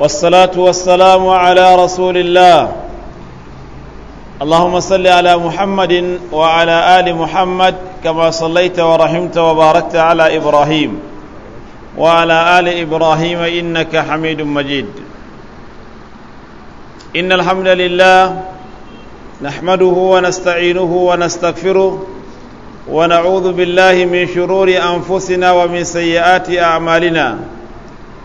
والصلاة والسلام على رسول الله اللهم صل على محمد وعلى آل محمد كما صليت ورحمت وباركت على إبراهيم وعلى آل إبراهيم إنك حميد مجيد إن الحمد لله نحمده ونستعينه ونستغفره ونعوذ بالله من شرور أنفسنا ومن سيئات أعمالنا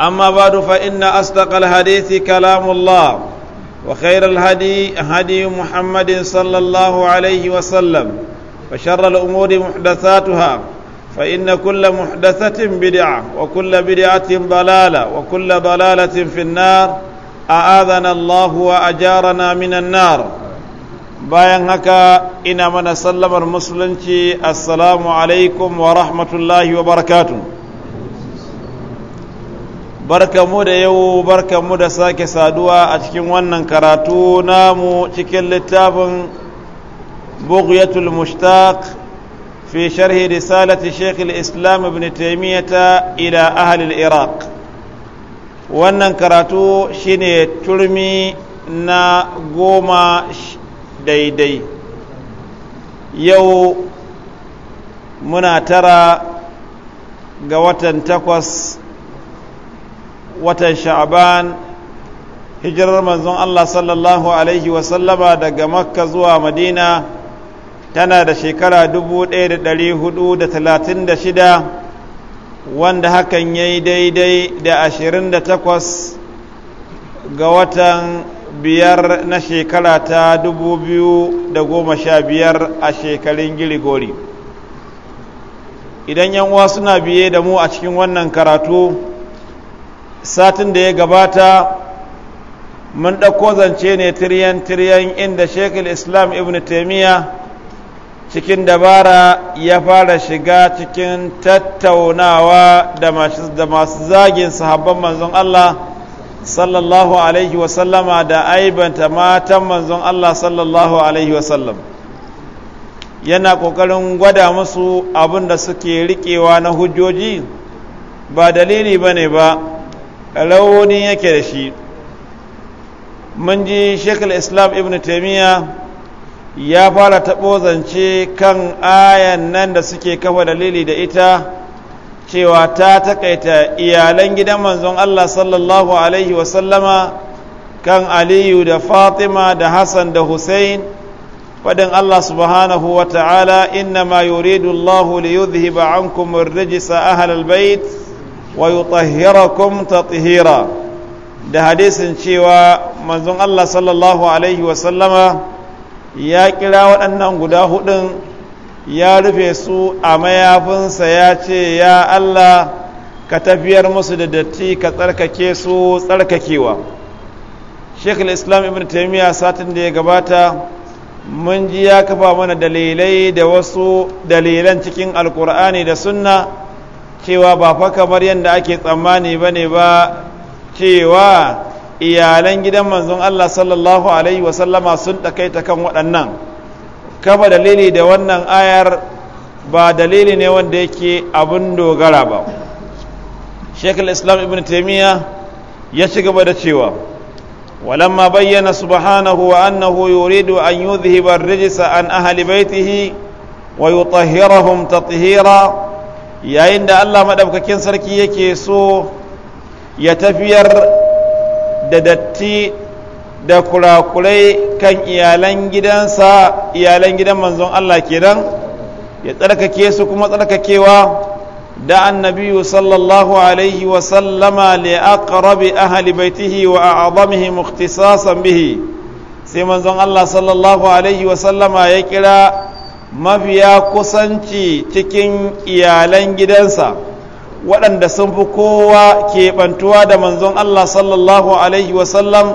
أما بعد فإن أصدق الحديث كلام الله وخير الهدي هدي محمد صلى الله عليه وسلم وشر الأمور محدثاتها فإن كل محدثة بدعة وكل بدعة ضلالة وكل ضلالة في النار أعاذنا الله وأجارنا من النار bayan haka ina mana sallamar musulunci assalamu alaikum wa rahmatullahi wa barakatuh mu da yau mu da sake saduwa a cikin wannan karatu namu cikin littafin bugyatul mushtaq fi sharhi risalati sheikh islam ibn taymiyata ila ahli iraq wannan karatu shine turmi na goma daidai yau muna tara ga watan takwas watan sha'aban hijirar manzon Allah sallallahu alaihi wasallama daga makka zuwa madina tana da shekara 1436 wanda hakan ya yi daidai da 28 ga watan biyar na shekara ta 2015 a shekarun giligori idan yan uwa suna biye da mu a cikin wannan karatu satin da ya gabata mun ɗauko zance ne tiryan-tiryan inda shekul islam ibn taimiyya cikin dabara ya fara shiga cikin tattaunawa da masu zagin sahabban manzon Allah sallallahu alaihi wasallama da aibanta matan manzon Allah sallallahu alaihi wasallam yana ƙoƙarin gwada musu abin da suke riƙewa na hujjoji ba dalili ba ne ba rauni yake da shi mun ji shekul islam ibn taimiyya ya fara taɓo zance kan ayan nan da suke kafa dalili da ita cewa ta takaita iyalan gidan manzon Allah sallallahu alaihi wasallama kan aliyu da fatima da hassan da hussein faɗin Allah subhanahu wa ta'ala inna ma yuridu Allah li yuzhiba ankum ar-rijsa ahlal bait wa yutahhirakum tathira da hadisin cewa manzon Allah sallallahu alaihi wa sallama ya kira waɗannan guda hudun ya rufe su a mayafinsa ya ce ya Allah ka tafiyar musu da datti ka tsarkake su tsarkakewa Sheikh islam ibn Taymiyyah satin da ya gabata mun ji ya kafa mana dalilai da wasu dalilan cikin alkur'ani da sunna cewa ba fa kamar yadda ake tsammani ba ne ba cewa iyalan gidan manzon Allah sallallahu alaihi wasallama sun takaita kan waɗannan kafa dalili da wannan ayar ba dalili ne wanda yake abin dogara ba shekul islam ibn taimiyya ya ci gaba da cewa ولما بين سبحانه وأنه يريد أن يذهب الرجس عن أهل بيته ويطهرهم تطهيرا yayin da Allah maɗaukakin sarki yake so ya tafiyar da datti da kurakurai kan iyalan gidansa iyalan gidan manzon Allah kenan ya tsarkake su kuma tsarkakewa da annabiyu sallallahu alaihi wa sallama li aqrabi ahli baitihi wa a'zamihi mukhtisasan bihi sai manzon Allah sallallahu alaihi wa sallama ya kira mafiya kusanci cikin iyalan gidansa waɗanda sun fi kowa keɓantuwa da manzon Allah sallallahu alaihi wasallam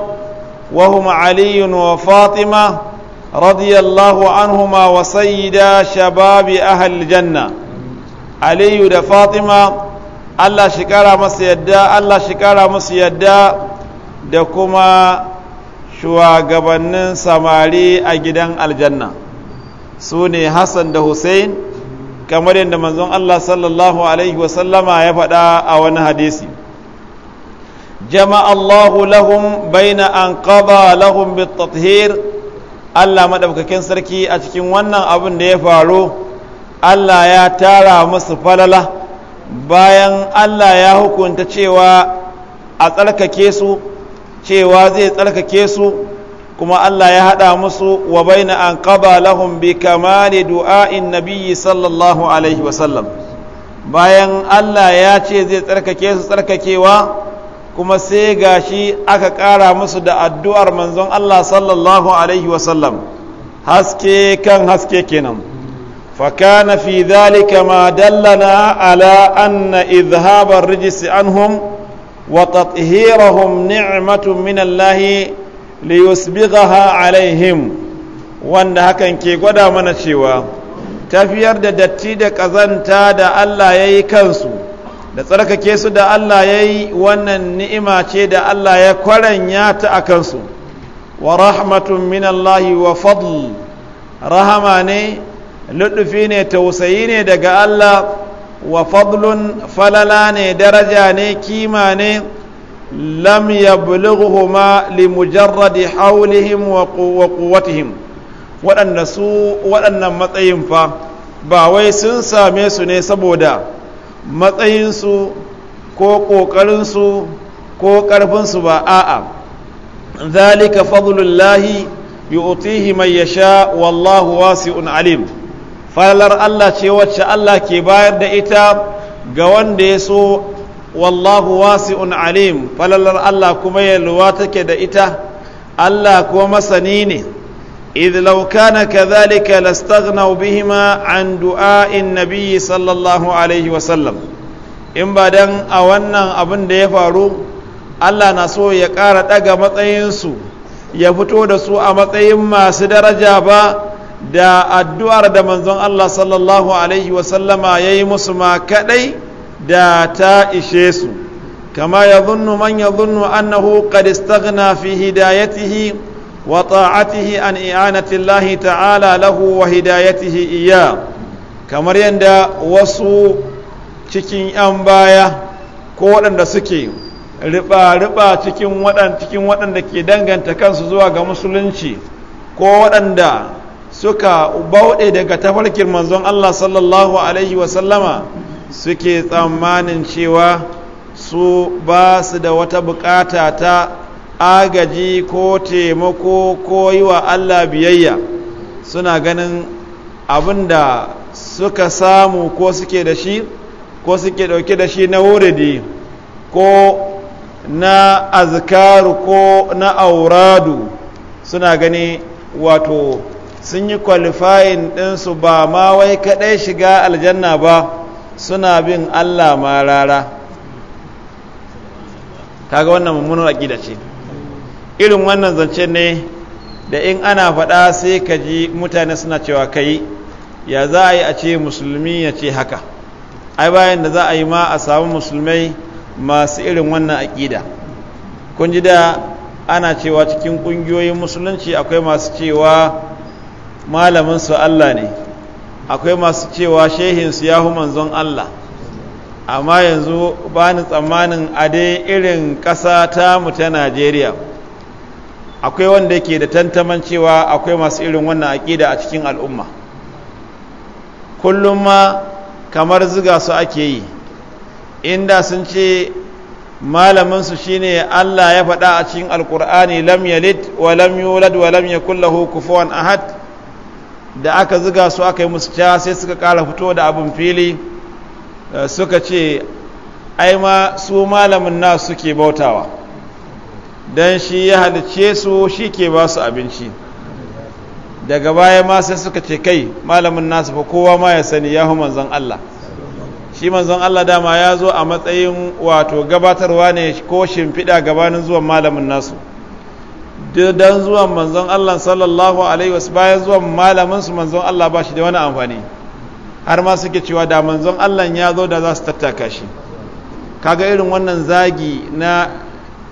wahuma aliyun wa fatima radiyallahu anhuma wa sayyida shababi ahal janna aliyu da fatima Allah shi kara masu yadda Allah shi kara musu yadda da kuma shugabannin samari a gidan aljanna su ne hassan da hussein kamar yadda manzon allah sallallahu alaihi wasallama ya faɗa a wani hadisi jama'allahu lahum baina an qada lahum bitathir allah maɗaukakin sarki a cikin wannan abin da ya faru allah ya tara musu falala bayan allah ya hukunta cewa a tsarkake su cewa zai tsarkake su kuma Allah ya haɗa musu wa baina an qada lahum bi kamali du'a'in nabiyyi sallallahu alaihi sallam. bayan Allah ya ce zai tsarkake su tsarkakewa kuma sai gashi aka ƙara musu da addu'ar manzon Allah sallallahu alaihi sallam. haske kan haske kenan فكان في ذلك ما دلنا على أن إذهاب الرجس عنهم وتطهيرهم نعمة من الله liyusbighaha alaihim wanda hakan ke gwada mana cewa tafiyar da datti da ƙazanta da Allah yayi kansu da tsarkake su da Allah yayi wannan ni'ima ce da Allah ya kwaranya ta a kansu wa rahmatun min Allah wa fadl rahama ne ludufi ne tausayi ne daga Allah wa fadlun falala ne daraja ne kima ne لم يبلغهما لمجرد حولهم وقوتهم waɗanda su waɗannan matsayin fa ba wai sun same su ne saboda matsayinsu ko ƙoƙarinsu ko ƙarfinsu ba a'a zalika fadlullahi yu'tihi ya yasha wallahu wasi'un alim falar Allah ce wacce Allah ke bayar da ita ga wanda ya so wallahu wasi'un alim falalar Allah kuma yalwa take da ita Allah kuma masani ne idh law kana kadhalika bihima an du'a'in nabiyyi sallallahu alaihi wa sallam in ba dan a wannan abin da ya faru Allah na so ya ƙara ɗaga matsayinsu ya fito da su a matsayin masu daraja ba da addu'ar da manzon Allah sallallahu alaihi wa sallama ya yi musu ma kaɗai da ta ishe su kama ya zunnu man ya zunnu annahu qad istaghna fi hidayatihi wa ta'atihi an i'anati Allah ta'ala lahu wa hidayatihi iya kamar yadda wasu cikin 'yan baya ko waɗanda suke riba-riba cikin waɗanda ke danganta kansu zuwa ga musulunci ko waɗanda suka bauɗe daga tafarkin manzon Allah sallallahu Alaihi wasallama suke tsammanin cewa su ba su da wata bukata ta agaji ko taimako ko yi wa Allah biyayya suna ganin abin da suka samu ko suke da shi ko suke dauke da shi na wuridi ko na azkaru ko na auradu suna gani wato sun yi kwalifayin ɗinsu ba ma wai kaɗai shiga aljanna ba suna bin Allah ma rara kaga wannan mummunar aqida ce irin wannan zance ne da in ana faɗa sai ka ji mutane suna cewa kai ya za a yi a ce musulmi ya ce haka ai bayan da za a yi ma a samu musulmai masu irin wannan aƙida kun ji da ana cewa cikin ƙungiyoyin musulunci akwai masu cewa malamin su Allah ne akwai masu cewa shehinsu ya hu manzon Allah amma yanzu ba ni tsammanin a dai irin ƙasa ta mu ta Najeriya akwai wanda ke da tantaman cewa akwai masu irin wannan aƙida a cikin al'umma kullum ma kamar ziga su ake yi inda sun ce malaminsu shine Allah ya faɗa a cikin alkur'ani lam yalid wa lam yulad wa lam yakullahu kufuwan ahad da aka ziga su aka yi musu ca sai suka kara fito da abin fili eh, suka ce ai ma su malamin na suke bautawa don shi ya halice su shi ke ba su abinci daga baya ma sai suka ce kai malamin nasu fa kowa ma ya sani ya manzon Allah shi manzon Allah dama ya zo a matsayin wato gabatarwa ne ko shimfiɗa gabanin zuwan malamin nasu dan zuwa manzon Allah sallallahu alaihi wasu bayan zuwa malamin su manzon Allah ba shi da wani amfani har ma suke cewa da manzon Allah ya zo da za su tattaka shi kaga irin wannan zagi na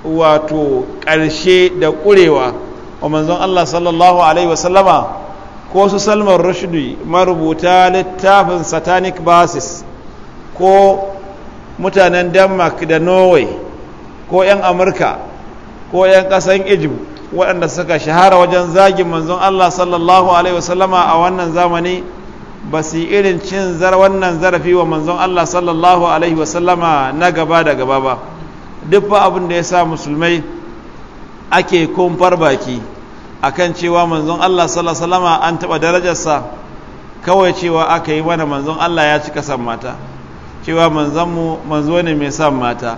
wato ƙarshe da ƙurewa wa manzon Allah sallallahu alaihi wasallama ko su Salman rushdi marubuta littafin Satanic Basis ko mutanen Denmark da Norway ko 'yan Amurka ko 'yan ƙasan Egypt waɗanda suka shahara wajen zagin manzon Allah sallallahu alaihi wasallama a wannan zamani ba su irin cin zar wannan zarafi wa manzon Allah sallallahu alaihi wasallama na gaba da gaba ba duk fa abin da ya sa musulmai ake kumfar baki akan cewa manzon Allah sallallahu alaihi wasallama an taɓa darajarsa kawai cewa aka yi mana manzon Allah ya ci kasan mata cewa manzanmu manzo ne mai san mata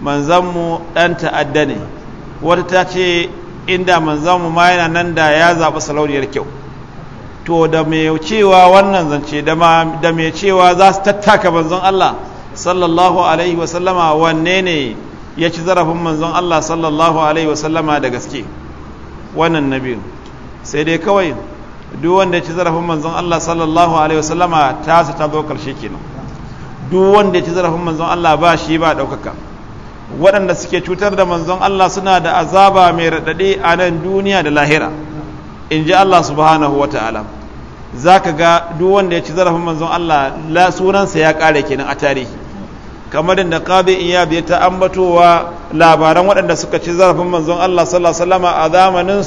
manzanmu ɗan ta'adda ne wata ta ce inda manzan mu ma yana nan da ya zaɓi salauriyar kyau to da mai cewa wannan zance da mai cewa za su tattaka manzon Allah sallallahu alaihi wasallama wanne ne ya ci zarafin manzon Allah sallallahu alaihi wasallama da gaske wannan nabi sai dai kawai duk wanda ya ci zarafin manzon Allah sallallahu alaihi wasallama ta su ta zo karshe kenan duk wanda ya ci zarafin manzon Allah ba shi ba ɗaukaka waɗanda suke cutar da manzon Allah suna da azaba mai raɗaɗe a nan duniya da lahira in ji Allah subhanahu wa ta'ala za ka ga duk wanda ya ci zarafin manzon Allah la sunansa ya ƙare kenan a tarihi kamar da ƙabe in ya biya ta ambatowa labaran waɗanda suka ci zarafin manzon Allah sallallahu alaihi a zamanin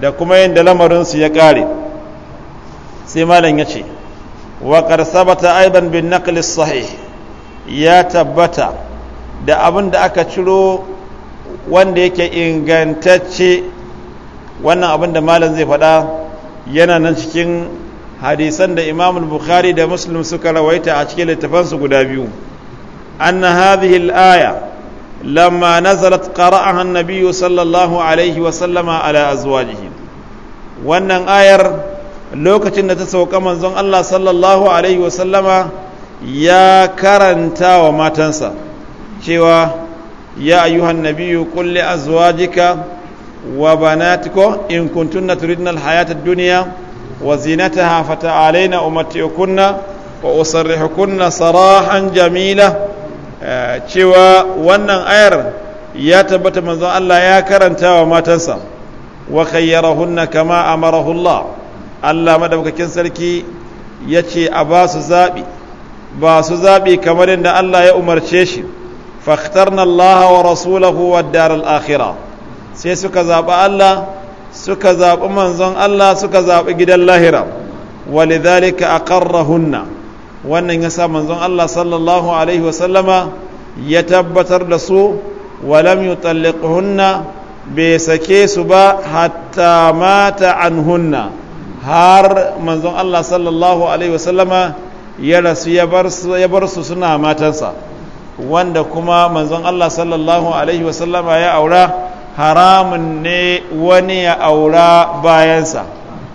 da kuma yadda lamarin su ya ƙare sai malam ya ce wa qad sabata aiban bin sahih ya tabbata da abin da aka ciro wanda yake ingantacce wannan abin da malam zai faɗa yana nan cikin hadisan da imam bukhari da muslim suka rawaita a cikin littafansu guda biyu An hadhihi al lamma nazalat qara'aha an-nabiy sallallahu alaihi wa sallama ala azwajihi wannan ayar lokacin da ta sauka manzon Allah sallallahu alaihi wa sallama ya karanta wa matansa cewa ya ayyuhan nabiyyu qul azwajika wa banatiko in kuntunna turidna alhayata ad-dunya wa zinataha fata'alaina umatti'ukunna wa usarrihukunna sarahan jamila eh, cewa wannan ayar ya tabbata manzon Allah ya karanta wa matansa wa khayyarahunna kama amarahu Allah Allah madaukakin sarki yace a ba su zabi ba su zabi kamar yadda Allah ya umarce shi فاخترنا الله ورسوله والدار الآخرة سيسك زاب الله سك زاب منزون الله سك زاب إجد اللاهرة ولذلك أقرهن وأن ينسى منزون الله صلى الله عليه وسلم يتبتر لسو ولم يطلقهن بسكيس با حتى مات عنهن هار منزون الله صلى الله عليه وسلم يرس يبرس يبرس سنة ماتنسا wanda kuma manzon Allah sallallahu alaihi wasallama ya aura haramun ne wani ya aura bayansa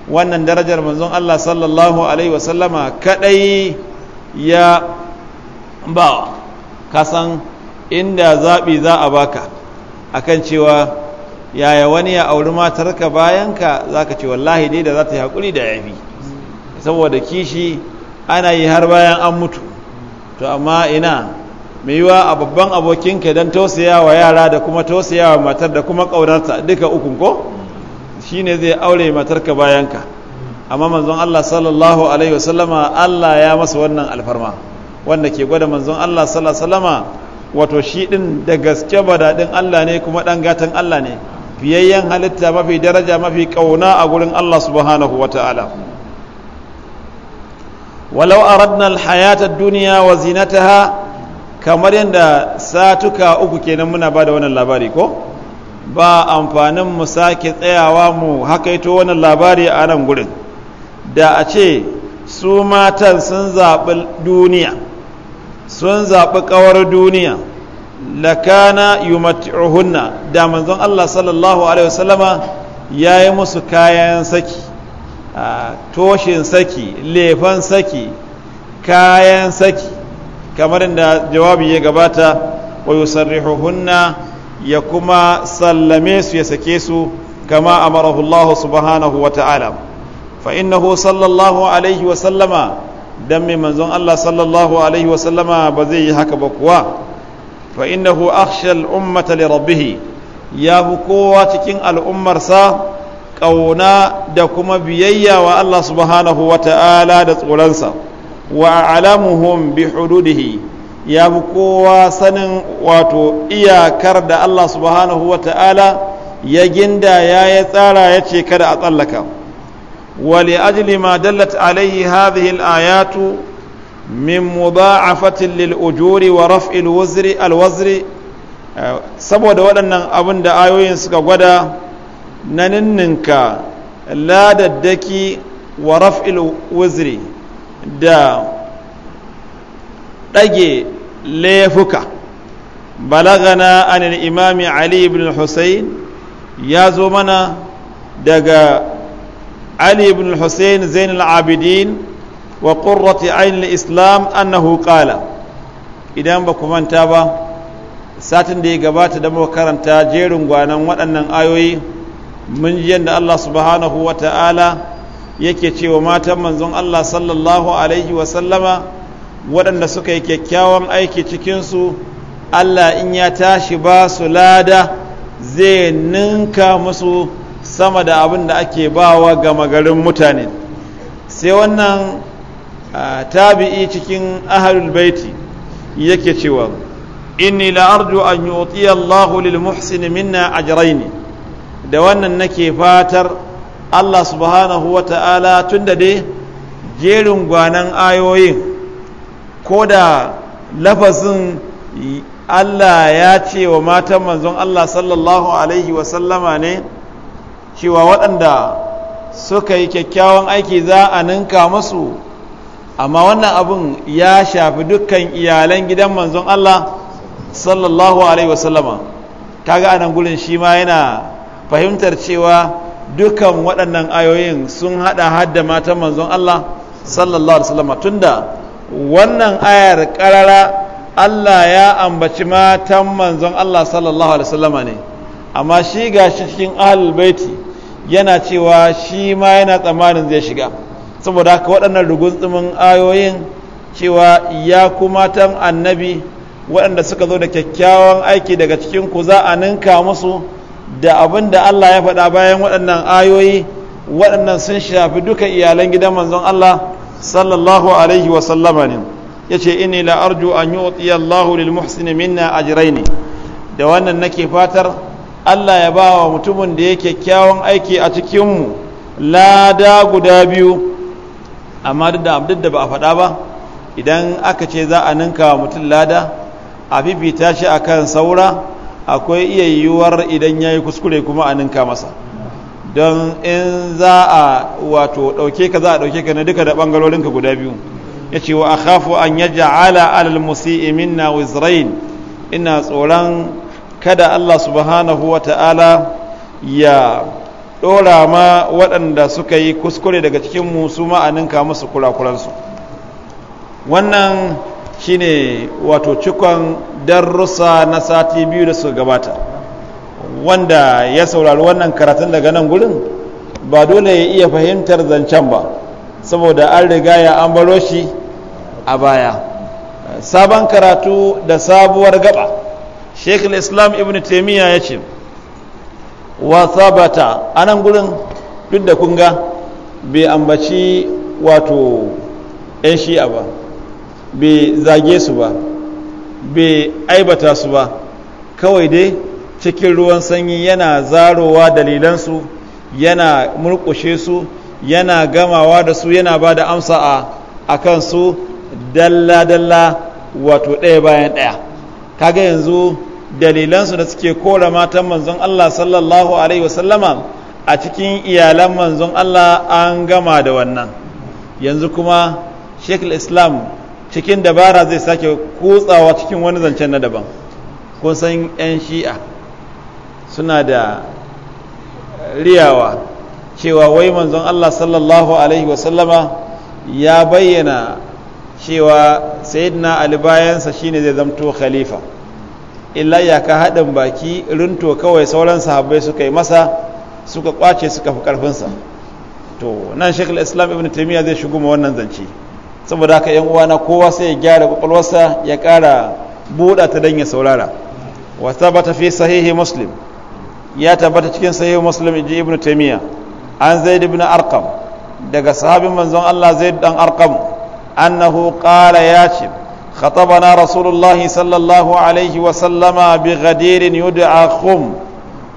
wannan darajar manzon Allah sallallahu alaihi wasallama kadai ya bawa kasan inda zaɓi za a baka akan cewa yaya wani ya auri matarka bayanka za ka ce wallahi dai da za ta yi haƙuri da yafi saboda kishi ana yi har bayan an mutu to amma ina mai yiwa a babban abokinka don tausaya wa yara da kuma tausaya wa matar da kuma kaunarta duka ukun ko shi ne zai aure matarka bayanka amma manzon Allah sallallahu alaihi wasallama Allah ya masa wannan alfarma wanda ke gwada manzon Allah sallallahu alaihi wato shi din da gaske ba daɗin Allah ne kuma ɗan gatan Allah ne fiyayyen halitta mafi daraja mafi ƙauna a gurin Allah subhanahu wa ta'ala walau aradna alhayata duniya wa zinataha kamar yadda satuka uku kenan muna ba da wannan labari ko ba amfanin mu sake tsayawa mu hakaito wannan labari a nan gurin da a ce su matan sun zaɓi duniya sun zaɓi ƙawar duniya lakana yumati'uhunna da manzon Allah sallallahu alaihi wasallama ya yi musu kayan saki toshin saki lefan saki kayan saki kamar da jawabi ya gabata wa yusarrihuhunna ya kuma sallame su ya sake su kama amarahu Allah subhanahu wa ta'ala fa innahu sallallahu alaihi wa sallama dan mai manzon Allah sallallahu alaihi wa sallama ba zai yi haka ba kuwa fa innahu akhsha al-ummata li rabbih ya fi kowa cikin al'ummarsa ƙauna da kuma biyayya wa Allah subhanahu wa ta'ala da tsoronsa wa a alamuhum bi hududihi ya fi kowa sanin wato iyakar da Allah subhanahu wa ta'ala ya ginda ya ya tsara ya ce kada a tsallaka wali ajli ma dallat alaihi hadhihi al-ayatu min mudha'afatin lil ujuri wa raf'il wazri saboda waɗannan abin da ayoyin suka gwada na ninninka ladaddaki wa raf'il wazri da ɗage laifuka balagana an imami ali ibn hussein ya zo mana daga ali ibn hussein zain al-abidin wa ƙurrati ayn islam annahu qala idan ba ku manta ba satin da ya gabata da muka karanta jerin gwanan waɗannan ayoyi mun ji yadda Allah subhanahu wa ta'ala yake cewa matan manzon Allah sallallahu alaihi wasallama waɗanda suka yi kyakkyawan aiki cikinsu Allah in ya tashi ba su lada zai ninka musu sama da abin da ake bawa gama garin mutane sai wannan tabi'i cikin ahalul baiti yake cewa inni la'arju an yi Allahu lil muhsin minna ajraini da wannan nake fatar Allah subhanahu wa ta'ala tun da dai jerin gwanan ayoyin ko da lafazin Allah ya ce wa matan manzon Allah sallallahu alaihi wasallama ne cewa waɗanda suka yi kyakkyawan aiki za a ninka musu? amma wannan abin ya shafi dukkan iyalan gidan manzon Allah sallallahu alaihi wasallama kaga anan gurin shi ma yana fahimtar cewa dukan waɗannan ayoyin sun haɗa hadda matan manzon Allah sallallahu alaihi wasallam tunda wannan ayar ƙarara Allah ya ambaci matan manzon Allah sallallahu alaihi wasallam ne amma shi ga shi cikin ahlul baiti yana cewa shi ma yana tsamanin zai shiga saboda haka waɗannan rugunzumin ayoyin cewa ya kuma tan annabi waɗanda suka zo da kyakkyawan aiki daga cikin ku za a ninka musu da abin da Allah ya faɗa bayan waɗannan ayoyi waɗannan sun shafi duka iyalan gidan manzon Allah sallallahu alaihi wa sallama ne yace inni la arju an yu'ti Allahu lil muhsini minna ne. da wannan nake fatar Allah ya ba wa mutumin da yake kyakkyawan aiki a cikin mu lada guda biyu amma duk da abdud da ba a faɗa ba idan aka ce za a ninka mutum lada a fifita shi akan saura akwai iya yiwuwar idan ya yi kuskure kuma a ninka masa don in za a wato ɗauke ka za a ɗauke ka na duka da ɓangarorinka guda biyu ya ce wa a khafu an ya ja'ala alal imin minna wizrain ina tsoron kada Allah subhanahu wa ta'ala ya ɗora ma waɗanda suka yi kuskure daga cikin musu ka musu kurakuransu wannan shine wato cikon darussa na sati biyu da su gabata wanda ya saurari wannan karatun daga nan gurin ba dole ya iya fahimtar zancen ba saboda an riga ya an baro shi a baya sabon karatu da sabuwar gaba sheikh islam ibn taimiyya ya ce wa sabata a nan gurin duk da kunga bai ambaci wato 'yan shi'a ba bai zage su ba bai aibata su ba kawai dai cikin ruwan sanyi yana zarowa dalilansu yana murkushe su yana gamawa da su yana ba da amsa a su dalla-dalla wato ɗaya bayan ɗaya kaga yanzu dalilansu da suke kora matan manzon Allah sallallahu alaihi wasallama a cikin iyalan manzon Allah an gama da wannan yanzu kuma shekul islam cikin dabara zai sake kutsawa cikin wani zancen na daban kun san 'yan shi'a suna da riyawa cewa wai manzon Allah sallallahu alaihi wasallama ya bayyana cewa sayyidina ali bayansa shine zai zamto khalifa illa ya ka haɗin baki rinto kawai sauran sahabbai suka yi masa suka kwace suka fi karfinsa to nan shekul islam ibn taimiyya zai shigo ma wannan zance saboda haka yan uwana kowa sai ya gyara kwakwalwarsa ya ƙara buɗa ta don ya saurara wa tabbata fi sahihi muslim ya tabbata cikin sahihi muslim inji ibnu taymiya an zaid ibn arqam daga sahabin manzon Allah zaid dan arqam annahu qala ya ce خطبنا رسول الله صلى الله عليه وسلم بغدير يدعى خم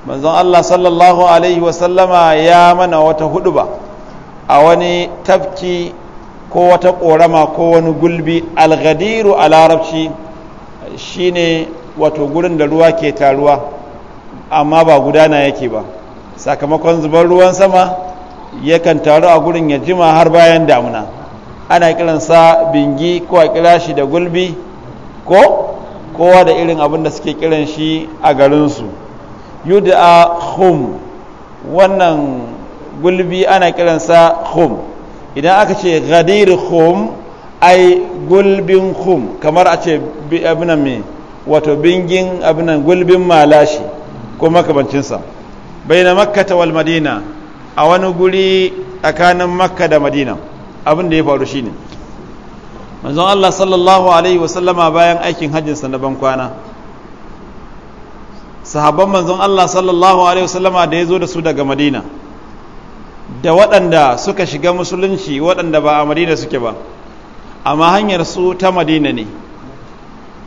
manzon Allah sallallahu alaihi wasallama ya mana wata huduba a wani tafki ko wata ƙorama ko wani gulbi algadiru a larabci shine wato gurin da ruwa ke taruwa amma ba gudana yake ba sakamakon zubar ruwan sama yakan taru a gurin ya jima har bayan damuna ana kiransa bingi ko a kira shi da gulbi ko kowa da irin abin da suke kiran shi a garinsu a khum wannan gulbi ana kiransa khum idan aka ce gadir khum ai gulbin khum kamar a ce abinan mai wato bingin abinan gulbin malashi ko makamancinsa bai na makka wal madina a wani guri tsakanin makka da madina abin da ya faru shi ne. manzon Allah sallallahu alaihi wasallama bayan aikin hajjinsa na ban kwana sahabban manzon Allah sallallahu alaihi wasallama da ya zo da su daga Madina da waɗanda suka shiga musulunci waɗanda ba a madina suke ba amma hanyar su ta madina ne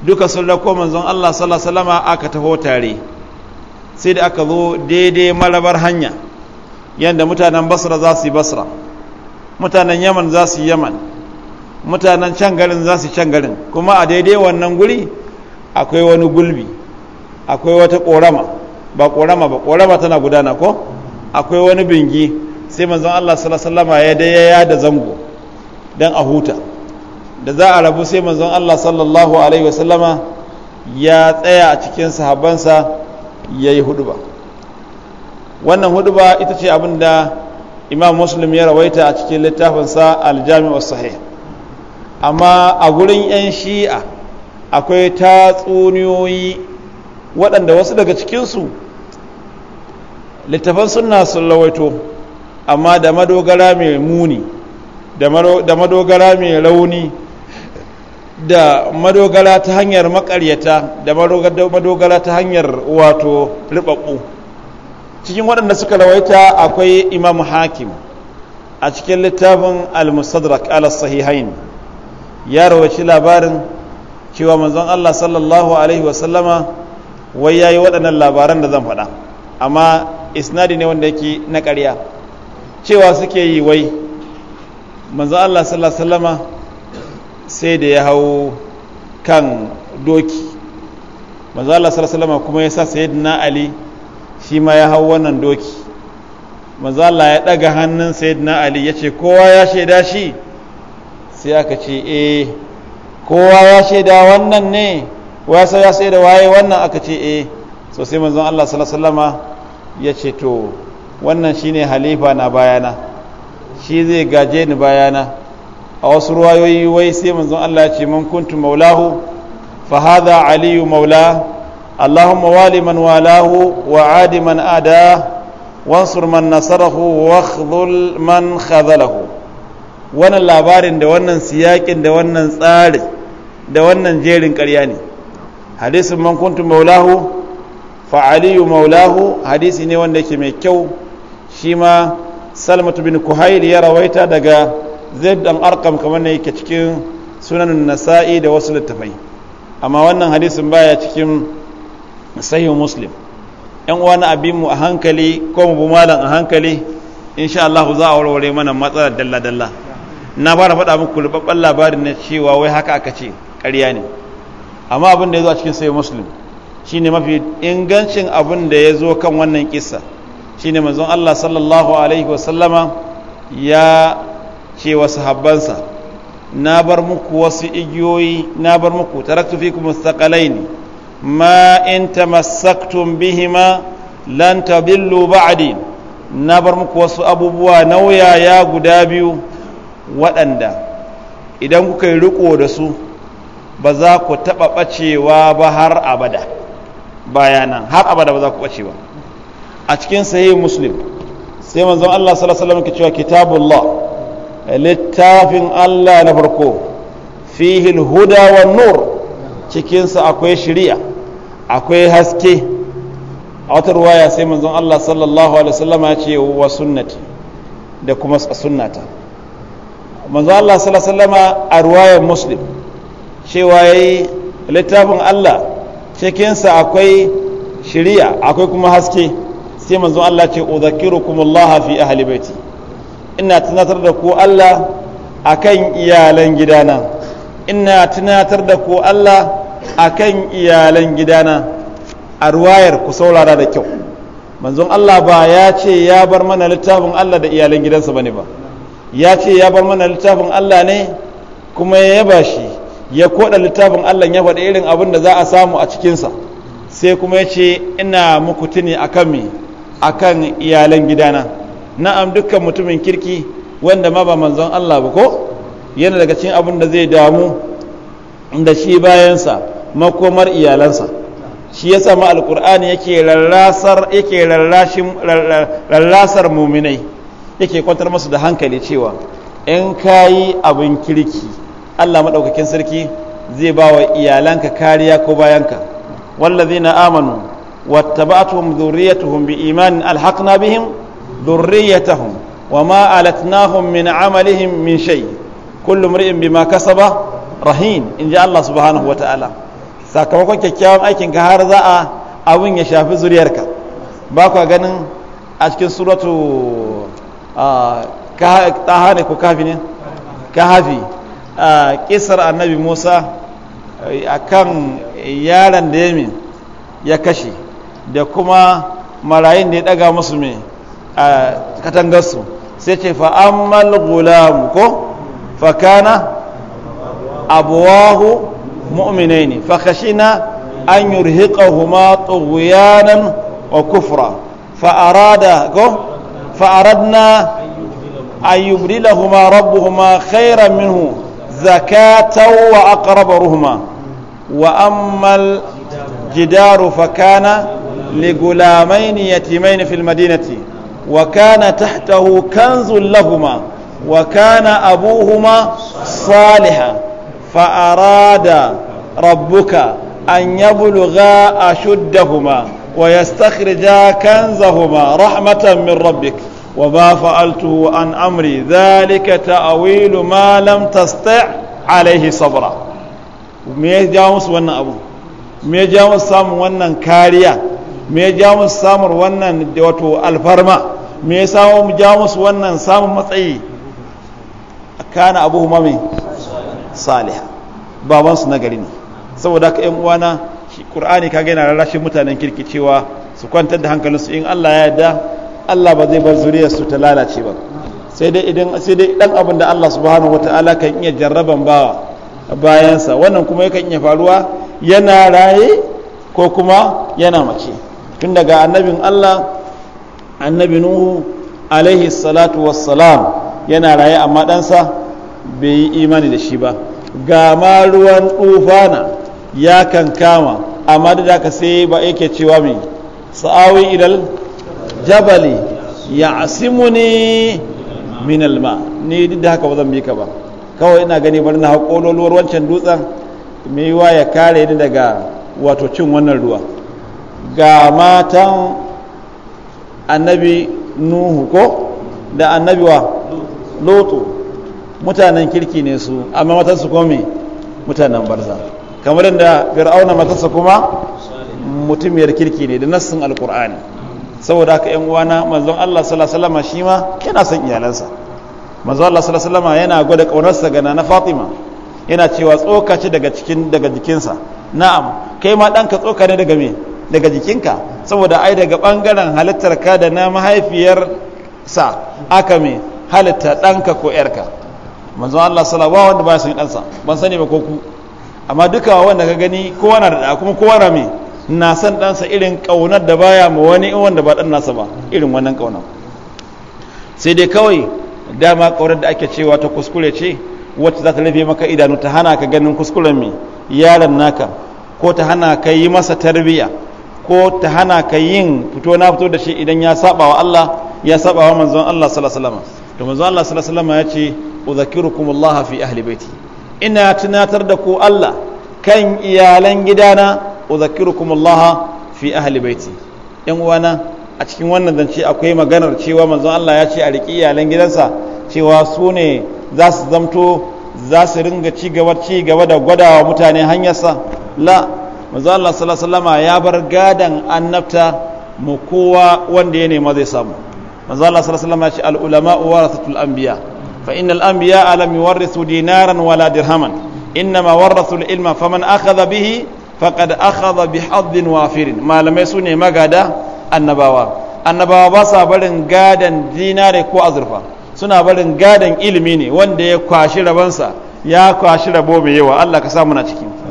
duka sun rako manzon Allah wasallam aka taho tare sai da aka zo daidai marabar hanya yanda mutanen basra za su yi basra mutanen yaman za su yi yaman mutanen can garin za su can garin kuma a daidai wannan guri akwai wani gulbi akwai wata ƙorama ba ƙorama ba ƙorama tana gudana ko akwai wani bingi sai manzon Allah sallallahu ya daya ya da zango dan a huta da za a rabu sai manzon Allah sallallahu alaihi wasallama ya tsaya a cikin sahabbansa yayi huduba wannan huduba ita ce abinda da Imam Muslim ya rawaita a cikin littafinsa Al-Jami'u Sahih amma a gurin 'yan shi'a akwai tatsuniyoyi waɗanda wasu daga cikinsu littafan suna sun rawaito amma da madogara mai muni da madogara mai rauni da madogara ta hanyar makaryata da madogara ta hanyar wato ribabbu cikin waɗanda suka rawaita akwai imam hakim a cikin littafin al-mustadrak al-sahihain ya rawaci labarin cewa manzon Allah sallallahu alaihi wasallama wai yayi waɗannan labaran da zan faɗa amma isnadi ne wanda yake na ƙarya cewa suke yi wai manzan Allah sallallahu alaihi sai da ya hau kan doki manzan Allah sallallahu alaihi kuma ya sa sayyidina Ali shi ma ya hau wannan doki manzan Allah ya daga hannun sayyidina Ali ya ce kowa ya shaida shi sai aka ce eh kowa ya shaida wannan ne wasa ya sai da waye wannan aka ce eh sosai manzan manzon Allah sallallahu alaihi ya ce to wannan shine halifa na bayana shi zai gaje ni bayana a wasu ruwayoyi wai sai manzon Allah ya ce man kuntu maulahu fa hadha aliyu maula allahumma wali man walahu wa adi man ada wansur man nasarahu wa man wannan labarin da wannan siyakin da wannan tsari da wannan jerin karya ne hadisin man kuntu maulahu fa aliyu maulahu hadisi ne wanda yake mai kyau shi ma salmatu bin kuhail ya rawaita daga zaid dan arkam kamar ne yake cikin sunanin nasa'i da wasu littafai amma wannan hadisin baya cikin sahih muslim yan uwa na abin mu a hankali ko mu bu malam a hankali insha Allah za a warware mana matsalar dalla dalla na fara faɗa muku rubabban labarin na cewa wai haka aka ce ƙarya ne amma abin da ya zo a cikin sahih muslim shine mafi ingancin abin da ya zo kan wannan kissa shine manzon Allah sallallahu alaihi wasallama ya ce wa sahabbansa na bar muku wasu igiyoyi na bar muku taraktu fikum thaqalaini ma in tamassaktum bihima lan tadillu ba'di na bar muku wasu abubuwa ya guda biyu waɗanda idan kuka yi riko da su ba za ku taɓa ɓacewa ba har abada bayanan har abada ba za ku ɓacewa. ba a cikin sahih muslim sai manzon Allah sallallahu alaihi wasallam ke cewa kitabullah littafin Allah na farko fihi alhuda wan nur cikin sa akwai shari'a akwai haske a wata ruwaya sai manzon Allah sallallahu alaihi wasallam ya ce wa sunnati da kuma sunnata manzon Allah sallallahu alaihi wasallam a ruwayar muslim cewa yayi littafin Allah cikinsa akwai shari'a akwai kuma haske sai manzo Allah ce udhakirukum Allah fi ahli baiti ina tunatar da ku Allah kan iyalan gidana ina tunatar da ku Allah akan iyalan gidana a ruwayar ku saurara da kyau manzon Allah ba ya ce ya bar mana littafin Allah da iyalan gidansa bane ba ya ce ya bar mana littafin Allah ne kuma ya yaba shi ya koda littafin Allah ya faɗi irin abin da za a samu a cikinsa sai kuma ya ce ina muku tuni akan me a kan iyalan gidana na'am dukkan mutumin kirki wanda ma ba manzon Allah ba ko yana daga cikin abin da zai damu da shi bayansa makomar iyalansa shi yasa ma alkur'ani yake rarrasar yake rarrasar muminai yake kwantar musu da hankali cewa in kayi abin kirki Allah maɗaukakin sarki zai ba wa iyalanka kariya ko bayanka wallazina amanu واتبعتهم ذريتهم بإيمان ألحقنا بهم ذريتهم وما ألتناهم من عملهم من شيء كل امرئ بما كسب رهين إن جاء الله سبحانه وتعالى sakamakon kyakkyawan aikin ka har za a abin ya shafi zuriyarka ba ku ganin a cikin suratu taha ne ko kafi kisar annabi musa akan yaron da ya kashe da kuma marayin da ya daga musu mai a katangarsu sai ce fa'ammal gulam ko fakana abuwahu mu'minai ne fakashina an huma tughyanan wa kufra fa'arada ko fa'aradna an yubdilahuma rabbuhuma khairan minhu zakatan wa aqraba ruhuma wa ammal jidaru fakana لغلامين يتيمين في المدينة وكان تحته كنز لهما وكان أبوهما صالحا فأراد ربك أن يبلغا أشدهما ويستخرجا كنزهما رحمة من ربك وما فعلته عن أمري ذلك تأويل ما لم تستطع عليه صبرا me ya jawo musu wannan abu me ya jawo musu samun wannan kariya me ya ja musu samun wannan wato alfarma me ya samu mu ja musu wannan samun matsayi kana abu mami saliha baban su nagari ne saboda ka yan uwana ƙur'ani ka yana rarrashin mutanen kirki cewa su kwantar da hankalinsu in Allah ya yarda Allah ba zai bar zuriyar su ta lalace ba sai dai idan sai dai dan abin da Allah subhanahu wataala kan iya jarraban bawa bayansa wannan kuma yakan iya faruwa yana raye ko kuma yana mace tun daga annabin Allah annabi Nuhu alaihi salatu wassalam yana raye amma ɗansa bai yi imani da shi ba ga ma ruwan tufana ya kan kama amma da daga sai ba yake cewa mai sa'awi idal jabali ya asimuni min alma ni duk da haka ba zan bi ka ba kawai ina gani bari na haƙo wancan dutsen mai wa ya kare ni daga wato cin wannan ruwa ga matan annabi nuhu ko da annabi wa lotu mutanen kirki ne su amma matansu komi mutanen barza kamar yadda fir'auna matansa kuma mutumiyar kirki ne da nassin alkur'ani saboda haka yan uwana manzon Allah sallallahu alaihi wasallam shi ma yana son iyalansa manzon Allah sallallahu alaihi wasallam yana gwada kaunarsa ga na Fatima yana cewa tsokaci daga cikin daga jikinsa na'am kai ma danka tsoka ne daga me daga jikinka saboda ai daga bangaren halittar ka da na mahaifiyar sa aka mai halitta ɗanka ko yarka manzon Allah sallallahu wanda ba san ɗansa ban sani ba ko ku amma duka wanda ka gani kowa na da kuma kowa rame na san ɗansa irin ƙaunar da baya ma wani in wanda ba ɗan nasa ba irin wannan ƙaunar sai dai kawai dama ƙaunar da ake cewa ta kuskure ce wacce za ta rufe maka idanu ta hana ka ganin kuskuren mai, yaron naka ko ta hana ka yi masa tarbiyya ko ta hana ka yin fito na fito da shi idan ya saba wa Allah ya saba wa manzon Allah sallallahu alaihi wasallam to manzon Allah sallallahu alaihi wasallam ya ce udhakirukum Allah fi ahli baiti ina tunatar da ku Allah kan iyalan gidana udhakirukum Allah fi ahli baiti yan uwana a cikin wannan zance akwai maganar cewa manzon Allah ya ce a riki iyalan gidansa cewa su ne za su zamto za su ringa ci gaba ci gaba da gwadawa mutane hanyarsa la manzo Allah sallallahu alaihi ya bar gadan annabta mu kowa wanda ya nema zai samu manzo Allah sallallahu alaihi ya ce al ulama warasatul anbiya fa innal anbiya lam yuwarrisu dinaran wala dirhaman innama warasul ilma faman akhadha bihi faqad akhadha bi haddin wafirin malamai sune magada annabawa annabawa ba sa barin gadan dinare ko azurfa suna barin gadan ilimi ne wanda ya kwashi rabansa ya kwashi rabo mai yawa Allah ka samu na cikin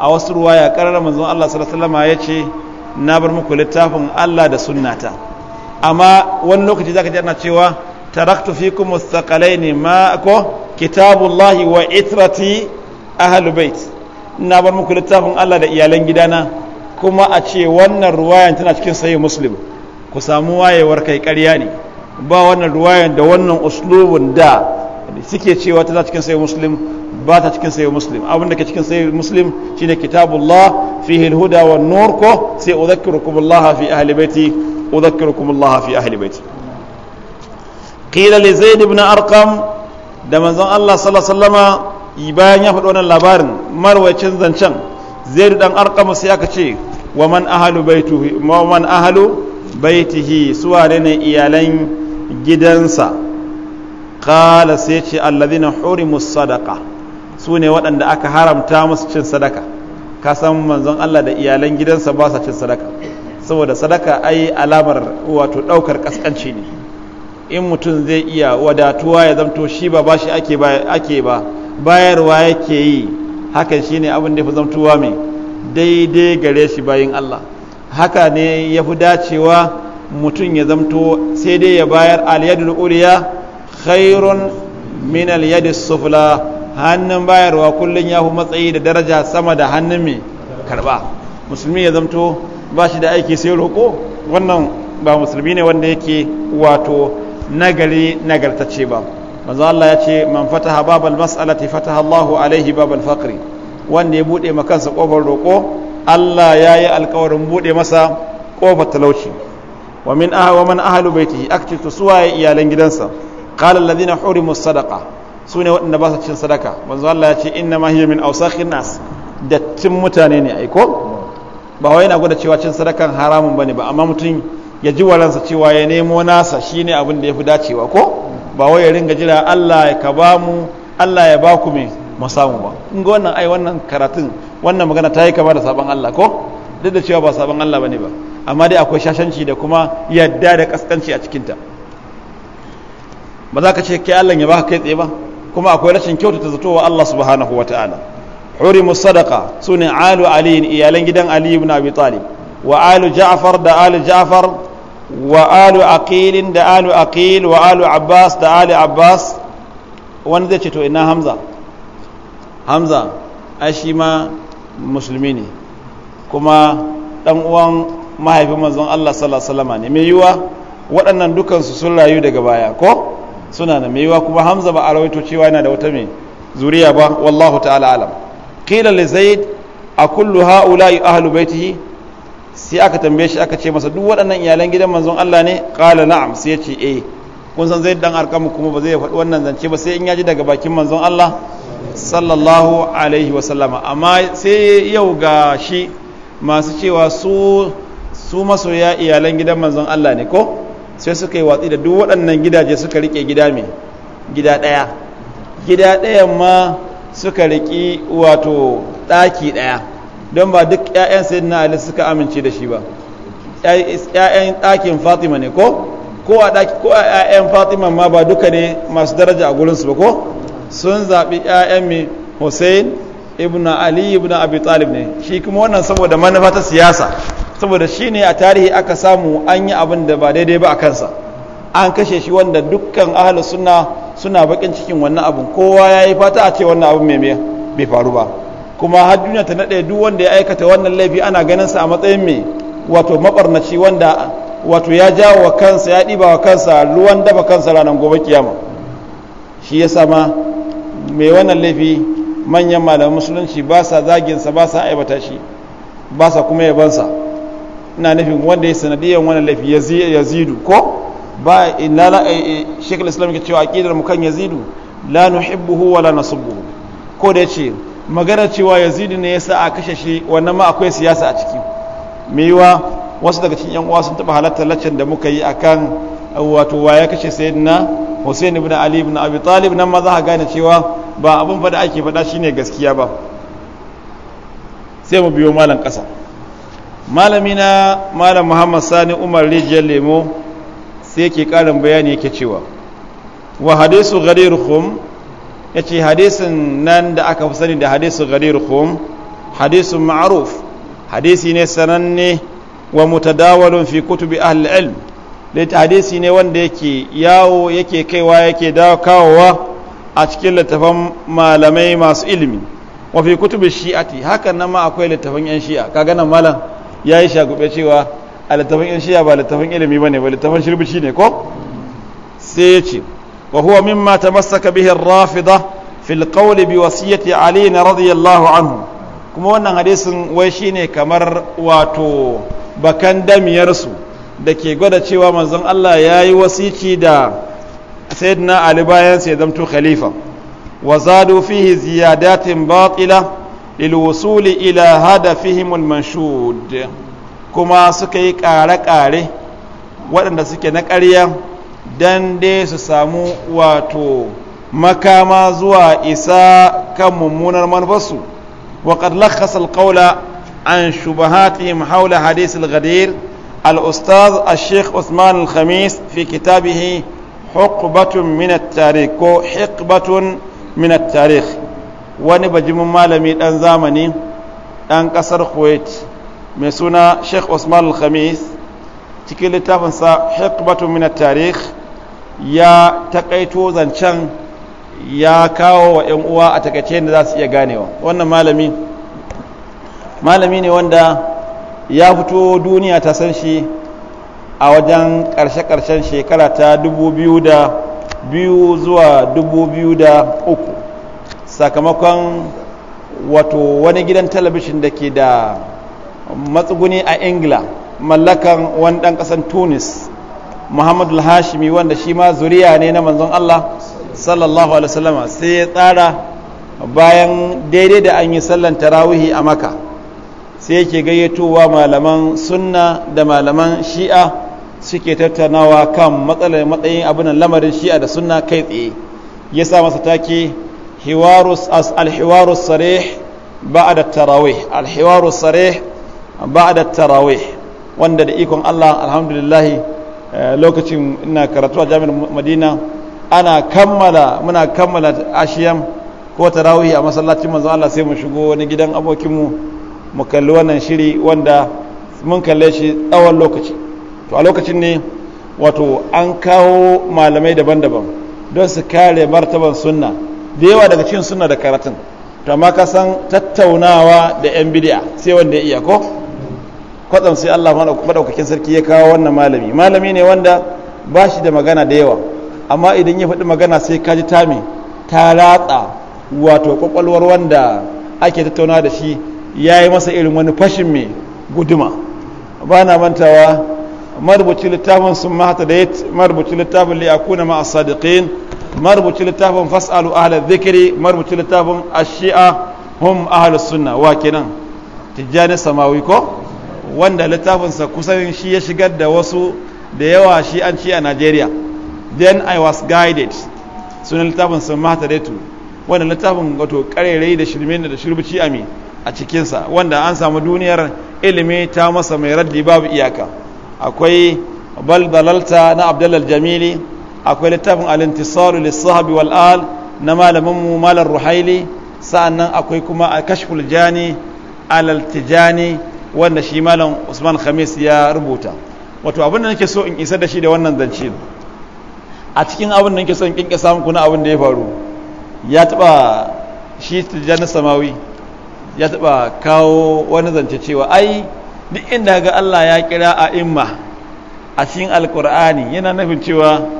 a wasu ruwaya karar manzon Allah sallallahu ya ce na bar muku littafin Allah da sunnata amma wani lokaci zaka ji ana cewa taraktu fikum ne, ma ko kitabullahi wa itrati ahlul bait na bar muku littafin Allah da iyalan gidana kuma a ce wannan ruwayan tana cikin sahih muslim ku samu wayewar kai karya ne ba wannan ruwayan da wannan uslubun da suke cewa ta za cikin sayi muslim ba ta cikin sayi muslim abin da ke cikin sayi muslim shine kitabullah fihi alhuda wan nur ko sai udhakkirukum Allah fi ahli baiti udhakkirukum Allah fi ahli baiti qila li zaid ibn arqam da manzon Allah sallallahu alaihi wasallama bayan ya faɗo wannan labarin marwayacin zancen zaid dan arqam sai aka ce wa man ahlu baitihi wa man ahlu baitihi suwa ne iyalan gidansa qala sai ce alladhina hurimu sadaqa su ne waɗanda aka haramta musu cin sadaka ka san manzon Allah da iyalan gidansa ba sa cin sadaka saboda sadaka ai alamar wato ɗaukar kaskanci ne in mutum zai iya wadatuwa ya zamto shi ba bashi ake ba ake ba bayarwa yake yi hakan shine abin da ya fi zamtuwa mai daidai gare shi bayan Allah haka ne ya fi dacewa mutum ya zamto sai dai ya bayar aliyadul uriya khairun min al-yadi sufla hannun bayarwa kullun ya fi matsayi da daraja sama da hannun mai karba musulmi ya zamto ba shi da aiki sai roko wannan ba musulmi ne wanda yake wato nagari nagartacce ba manzo Allah ya ce man fataha babal mas'alati fataha Allahu alaihi babal faqri wanda ya buɗe ma kansa kofar roko Allah ya yi alƙawarin bude masa ƙofar talauci wa min ahwa man ahlu baitihi aktitu suwaye iyalan gidansa qala alladhina hurimu sadaqa su ne waɗanda ba su cin sadaka manzo Allah ya ce inna ma hiya min awsakhin nas dattin mutane ne ai ko ba wai yana gwada cewa cin sadakan haramun bane ba amma mutum ya ji waransa cewa ya nemo nasa shine abin da yafi dacewa ko ba wai ya ringa jira Allah ya baku ba mu Allah ya ba ku samu ba in ga wannan ai wannan karatun wannan magana ta yi kama da sabon Allah ko duk da cewa ba sabon Allah bane ba amma dai akwai shashanci da kuma yadda da kaskanci a cikinta ba za ka ce kai Allah ya ba kai tsaye ba kuma akwai rashin kyautata zatowa Allah subhanahu ta'ala hurimu sadaqa sune alu ali iyalan gidan ali ibn abi talib wa alu ja'far da alu ja'far wa alu aqil da alu aqil wa alu abbas da alu abbas wanda zai ce to ina hamza hamza ai shi ma musulmi ne kuma dan uwan mahaifin manzon Allah sallallahu alaihi wasallam ne mai yiwa waɗannan dukansu sun rayu daga baya ko suna na maiwa kuma hamza ba a rawaito cewa yana da wata mai zuriya ba wallahu ta'ala alam qila li zaid a kullu haula'i ahlu baitihi sai aka tambaye shi aka ce masa duk waɗannan iyalan gidan manzon Allah ne qala na'am sai ya ce eh kun san zaid dan arkamu kuma ba zai faɗi wannan zance ba sai in ya ji daga bakin manzon Allah sallallahu alaihi wa sallama amma sai yau ga shi masu cewa su su masoya iyalan gidan manzon Allah ne ko sai suka yi watsi da duk waɗannan gidaje suka rike gida mai gida ɗaya gida ɗayan ma suka riƙi wato ɗaki ɗaya don ba duk 'ya'yan sayyidina ali suka amince da shi ba 'ya'yan ɗakin fatima ne ko ko a 'ya'yan fatima ma ba duka ne masu daraja a gurinsu ba ko sun zaɓi 'ya'yan mai hussein ibn ali ibn abi talib ne shi kuma wannan saboda manufa ta siyasa saboda shi ne a tarihi aka samu an yi abin da ba daidai ba a kansa an kashe shi wanda dukkan ahalus suna suna bakin cikin wannan abin kowa ya yi fata a ce wannan abin mai bai faru ba kuma har duniya ta naɗe duk wanda ya aikata wannan laifi ana ganin sa a matsayin mai wato maɓarnaci wanda wato ya jawo wa kansa ya ɗiba wa kansa ruwan dafa kansa ranar gobe kiyama shi ya sama mai wannan laifi manyan malaman musulunci ba sa zaginsa ba sa aibata shi ba sa kuma yabansa ina nufin wanda ya sanadiyar wani laifi ya yazidu ko ba ina la eh, eh, shekul islam ke cewa aqidar mu kan yazidu la nuhibbuhu wa la nasubbuhu ko da yace magana cewa yazidu ne yasa a kashe shi wannan ma akwai siyasa a ciki me yiwa wasu daga cikin yan uwa sun taba halatta laccan da muka yi akan wato wa ya kashe sayyidina Hussein ibn Ali ibn Abi Talib nan ma za ka gane cewa ba abin fada ake fada shine gaskiya ba sai mu biyo malam kasa malamina malam muhammad sani umar rijiyar lemo sai yake karin bayani yake cewa wa hadisu ghadir khum ya ce hadisin nan da aka fi sani da hadisu ghadir khum hadisu ma'aruf hadisi ne sananne wa mutadawalun fi kutubi ahli ilm hadisi ne wanda yake yawo yake kaiwa yake dawo kawowa a cikin littafan malamai masu ilimi wa fi kutubi shi'ati hakan nan ma akwai littafan yan shi'a ka gana malam ya yi shagube cewa a littafin in shiya ba littafin ilimi ba ne ba littafin shirbici ne ko sai ya ce wa huwa mimma ka bihin rafida fil qawli bi wasiyati ali radiyallahu anhu kuma wannan hadisin wai shine kamar wato bakan damiyarsu da ke gwada cewa manzon Allah ya yi wasici da sayyidina ali bayan sai zamto khalifa wa zadu fihi ziyadatin batila lilwusuli ila hadafihim almanshud kuma suka yi ƙare-ƙare waɗanda suke na ƙarya dan dai su samu wato makama zuwa isa kan mummunar manufarsu wa qad lakhasa alqawla an shubahatihim hawla hadith alghadir الاستاذ الشيخ عثمان الخميس في كتابه حقبة من ko حقبة من التاريخ wani bajimin malami ɗan zamani ɗan ƙasar kuwait mai suna sheikh usman al-khamis cikin littafinsa hikmatu min tarikh ya takaito zancen ya kawo wa 'yan uwa a takaice da za su iya ganewa wannan malami malami ne wanda ya fito duniya ta san shi a wajen ƙarshe-ƙarshen shekara ta biyu zuwa uku. sakamakon wato wani gidan talabishin da ke da matsuguni a ingila mallakan wani ɗan ƙasar tunis muhammadu hashimi wanda shi ma zuriya ne na manzon allah sallallahu alaihi wasallama sai ya tsara bayan daidai da an yi sallan tarawihi a maka sai yake gayyatowa malaman sunna da malaman shi'a suke tattaunawa kan matsalar matsayin abinan lamarin shi'a da sunna kai tsaye ya sa masa take hiwarus as alhiwarus sarih ba'da tarawih alhiwarus sarih ba'da tarawih wanda da ikon Allah alhamdulillah lokacin ina karatu a jami'ar Madina ana kammala muna kammala ashiyam ko tarawih a masallacin manzo Allah sai mu shigo wani gidan abokinmu mu kalli wannan shiri wanda mun kalle shi tsawon lokaci to a lokacin ne wato an kawo malamai daban-daban don su kare martaban sunna da yawa daga cikin suna da karatun to amma ka san tattaunawa da yan bidiya sai wanda ya iya ko kwatsam sai Allah madaukakin sarki ya kawo wannan malami malami ne wanda ba shi da magana da yawa amma idan ya faɗi magana sai ka ji tami ta ratsa wato kwakwalwar wanda ake tattauna da shi ya yi masa irin wani fashin mai guduma ba na mantawa marubuci littafin sun mahata da marubuci littafin liyakuna ma'a sadiqin marubuci littafin fas'alu ahla zikiri marubuci littafin ashia hum ahlu sunna wa kenan tijjani samawi ko wanda littafinsa kusan shi ya shigar da wasu da yawa shi an ci a Najeriya then i was guided sunan littafin sun mata tu wanda littafin wato karerai da shirme da a a cikinsa wanda an samu duniyar ilimi ta masa mai raddi babu iyaka akwai bal dalalta na abdullal jamili akwai littafin al lissahabi wal'al na malamin mu malar ruhaili sa'annan akwai kuma a kashful jani alaltijani wanda shi malam Usman Khamis ya rubuta wato abin da nake so in isa da shi da wannan zance a cikin abin da nake so in kinka samu kuna abin da ya faru ya taba shi tijani samawi ya taba kawo wani zance cewa ai duk inda ga Allah ya kira a imma a cikin alkur'ani yana nufin cewa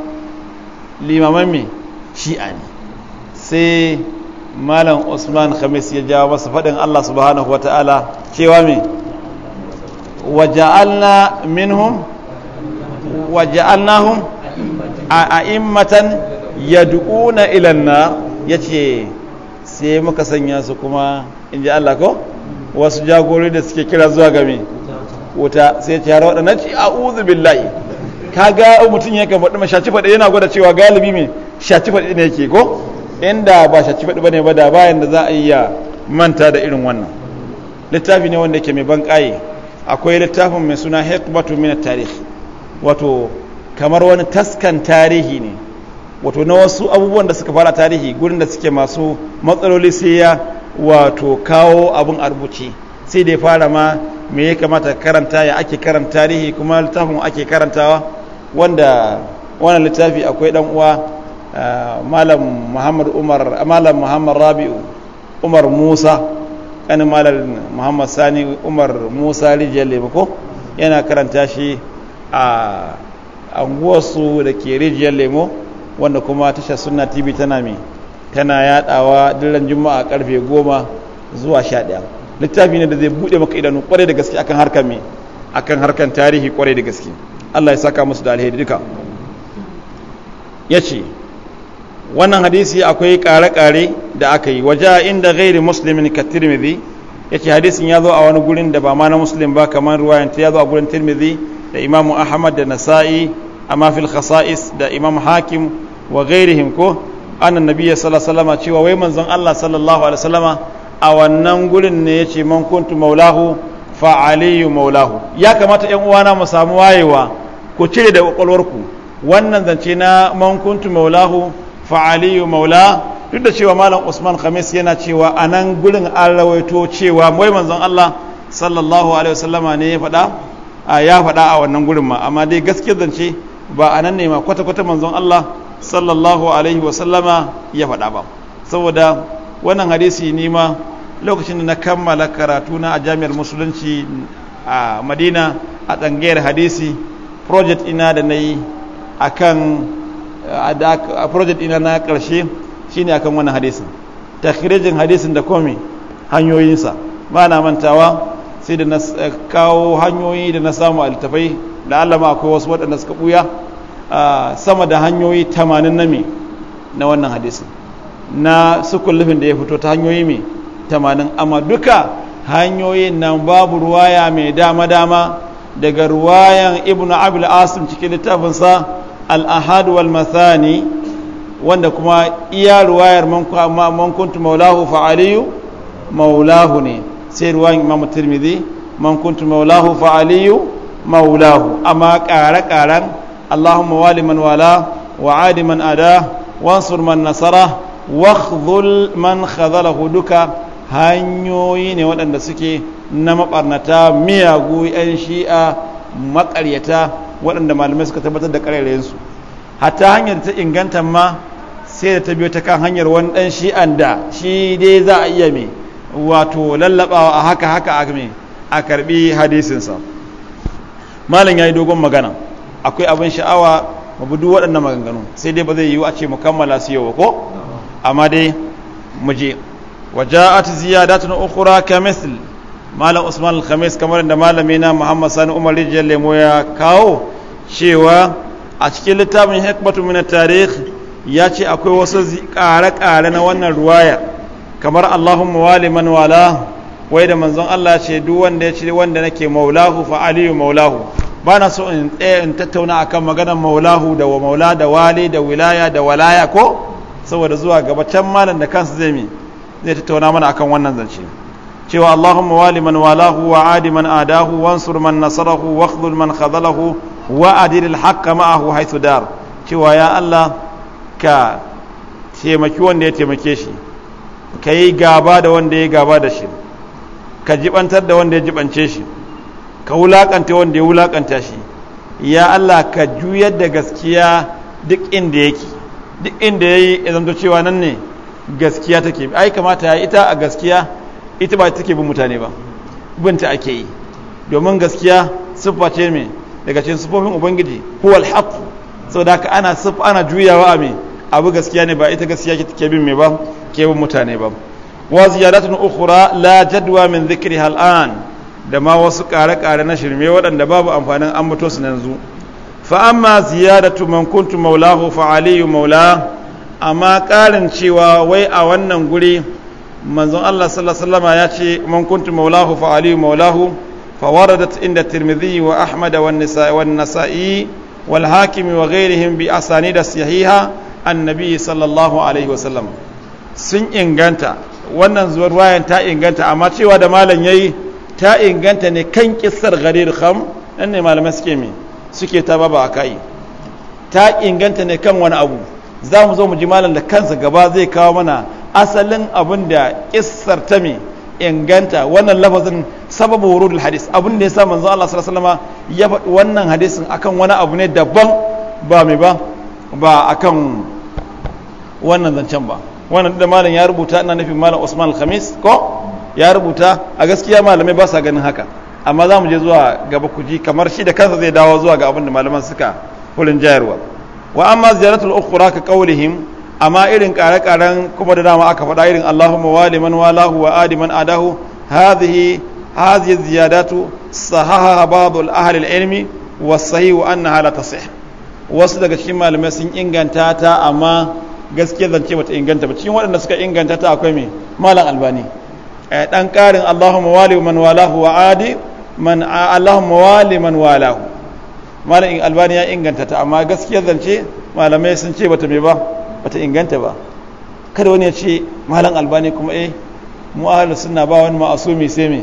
limaman mai shi'a ne sai malam usman khamis ya jawo masu faɗin allah subhanahu wata'ala cewa mai waja'alna minhum waja'alnahum a'immatan yad'una ila ilanna ya yace sai muka sanya su kuma inji Allah ko wasu jagori da suke kira zuwa game wuta sai ya ce har waɗannan ci uzu billahi Ka ga mutum ya kan faɗi ma shaci faɗi yana gwada cewa galibi mai shaci faɗi ne ke ko inda ba shaci faɗi bane ba da bayan da za a ya manta da irin wannan littafi ne wanda ke mai ban akwai littafin mai suna hikmatu min tarihi? wato kamar wani taskan tarihi ne wato na wasu abubuwan da suka fara tarihi gurin da suke masu matsaloli sai ya wato kawo abin arbuci sai da ya fara ma me ya kamata karanta ya ake karanta tarihi kuma littafin ake karantawa wanda wannan littafi akwai dan uwa ah, malam muhammad umar ah, malam muhammad rabi'u umar musa kan malam muhammad sani umar musa rijiyar ko yana karanta shi a anguwarsu da ke rijiyar lemo wanda kuma tashar suna tv tana mai tana yadawa dillan juma'a karfe goma zuwa sha ɗaya littafi ne da zai buɗe maka idanu kwarai da gaske akan harkar mai akan harkar tarihi kwarai da gaske Allah ya saka musu da alheri duka ce wannan hadisi akwai kare-kare da aka yi waje inda gairi musulmin ka tirmidhi ce hadisin ya zo a wani gurin da ba ma na musulmin ba kamar ruwayanta ya zo a gurin tirmidhi da imam ahmad da nasa'i a mafil khasa'is da imam hakim wa gairihim ko annan nabiyya sallallahu alaihi cewa wai manzon Allah sallallahu alaihi wasallama a wannan gurin ne yace man kuntu maulahu fa aliyu maulahu ya kamata yan uwana mu samu wayewa ku cire da kwakwalwarku wannan zance na mankuntu maulahu fa'aliyu maula duk da cewa malam usman khamis yana cewa a nan gurin an rawaito cewa wai manzon allah sallallahu alaihi wasallama ne ya faɗa a wannan gurin ma amma dai gaskiyar zance ba a nan ne ma kwata-kwata manzon allah sallallahu alaihi wasallama ya faɗa ba saboda wannan hadisi ni ma lokacin da na kammala karatu na a jami'ar musulunci a madina a tsangayar hadisi project ina da na yi a kan eh, a project ina na ƙarshe shine akan wannan hadisin takhrijin hadisin da komi hanyoyinsa ba na mantawa sai da na eh, kawo hanyoyi da na samu altafai da alama akwai wasu waɗanda suka ɓuya ah, sama da hanyoyi 80 na me na wannan hadisin na sukullufin da ya fito ta hanyoyi mai 80 amma duka hanyoyin nan babu ruwaya mai dama-dama daga ruwayan ibnu abul asim cikin littafinsa al-ahad wal mathani wanda kuma iya ruwayar mankuntu maulahu fa aliyu maulahu ne sai ruwayan imam tirmidhi man kuntu maulahu fa aliyu maulahu amma ƙare ƙaran allahumma wali man wala wa adi man ada wansur man nasara wa man khazalahu duka hanyoyi ne waɗanda suke na mabarnata miyagu 'yan shi'a makaryata waɗanda malamai suka tabbatar da ƙarairayensu Hata hanyar ta inganta ma sai da ta biyo ta kan hanyar wani ɗan shi'an da shi dai za a iya mai wato lallabawa a haka haka a mai a karɓi hadisinsa malam ya yi dogon magana akwai abin sha'awa mabudu waɗannan maganganu sai dai ba zai yiwu a ce mu kammala su yau ko amma dai mu je وجاءت زيادة أخرى كمثل malam usman al kamar da malamina na muhammad sani umar rijiyar lemo ya kawo cewa a cikin littafin hikmatu na tarihi ya ce akwai wasu kare-kare na wannan ruwaya kamar allahun wali man wala wai da manzon allah ce duk wanda ya ce wanda nake maulahu fa aliyu maulahu ba na so in tsaye in tattauna akan maganar maulahu da wa maula da wali da wilaya da walaya ko saboda zuwa gaba can malam da kansa zai mi zai tattauna mana akan wannan zance cewa Allahumma wali man walahu wa adi man adahu wansur man nasarahu wa khzul man khazalahu wa adil al ma'ahu haythu dar cewa ya Allah ka taimaki wanda ya taimake shi ka yi gaba da wanda ya gaba da shi ka jibantar da wanda ya jibance shi ka wulakanta wanda ya wulakanta shi ya Allah ka juyar da gaskiya duk inda yake duk inda yayi ya zanto cewa nan ne gaskiya take ai kamata ya ita a gaskiya ita ba take bin mutane ba binta ake yi domin gaskiya siffa ce mai daga cikin siffofin ubangiji huwal haqq saboda haka ana sif ana juyawa a mai abu gaskiya ne ba ita gaskiya take bin mai ba ke bin mutane ba wa ziyaratun ukhra la jadwa min dhikriha al'an da ma wasu kare-kare na shirme waɗanda babu amfanin ambato su yanzu fa amma ziyadatu man kuntu maulahu fa aliyu maula amma ƙarin cewa wai a wannan guri manzon Allah sallallahu alaihi wasallam ya ce man kuntu maulahu fa aliyu maulahu fa waradat inda tirmidhi wa ahmad wa nisa'i wa nasa'i wal hakim wa ghairihim bi asanid sahiha annabi sallallahu alaihi wasallam sun inganta wannan zuwar wayan ta inganta amma cewa da malam yayi ta inganta ne kan kissar gharir kham dan ne malamai suke mi suke ta baba akai ta inganta ne kan wani abu za mu zo mu ji malam da kansa gaba zai kawo mana asalin abin da kissar ta me inganta wannan lafazin sababu wurudul hadis abin da ya sa manzo Allah sallallahu alaihi ya faɗi wannan hadisin akan wani abu ne daban ba mai ba ba akan wannan zancen ba wannan da malam ya rubuta ina nufin malam Usman al-Khamis ko ya rubuta a gaskiya malamai ba sa ganin haka amma za mu je zuwa gaba ku kamar shi da kansa zai dawo zuwa ga abin da malaman suka hulin jayarwa wa amma ziyaratul ukhra ka qawlihim amma irin ƙare-ƙaren kuma da dama aka faɗa irin Allahumma wali man walahu wa adi man adahu hadhihi hadhihi ziyadatu sahaha ba'dul ahli ilmi wa sahih annaha la tasih wasu daga cikin malamai sun inganta ta amma gaskiya zance bata inganta ba cikin waɗanda suka inganta ta akwai me malam albani dan eh, ƙarin Allahumma wali man walahu wa adi man Allahumma wali man walahu malam albani ya inganta ta amma gaskiya zance malamai sun ce bata me ba bata inganta ba kada wani ya ce malam albani kuma eh mu ahlus sunna ba wani ma'asumi sai me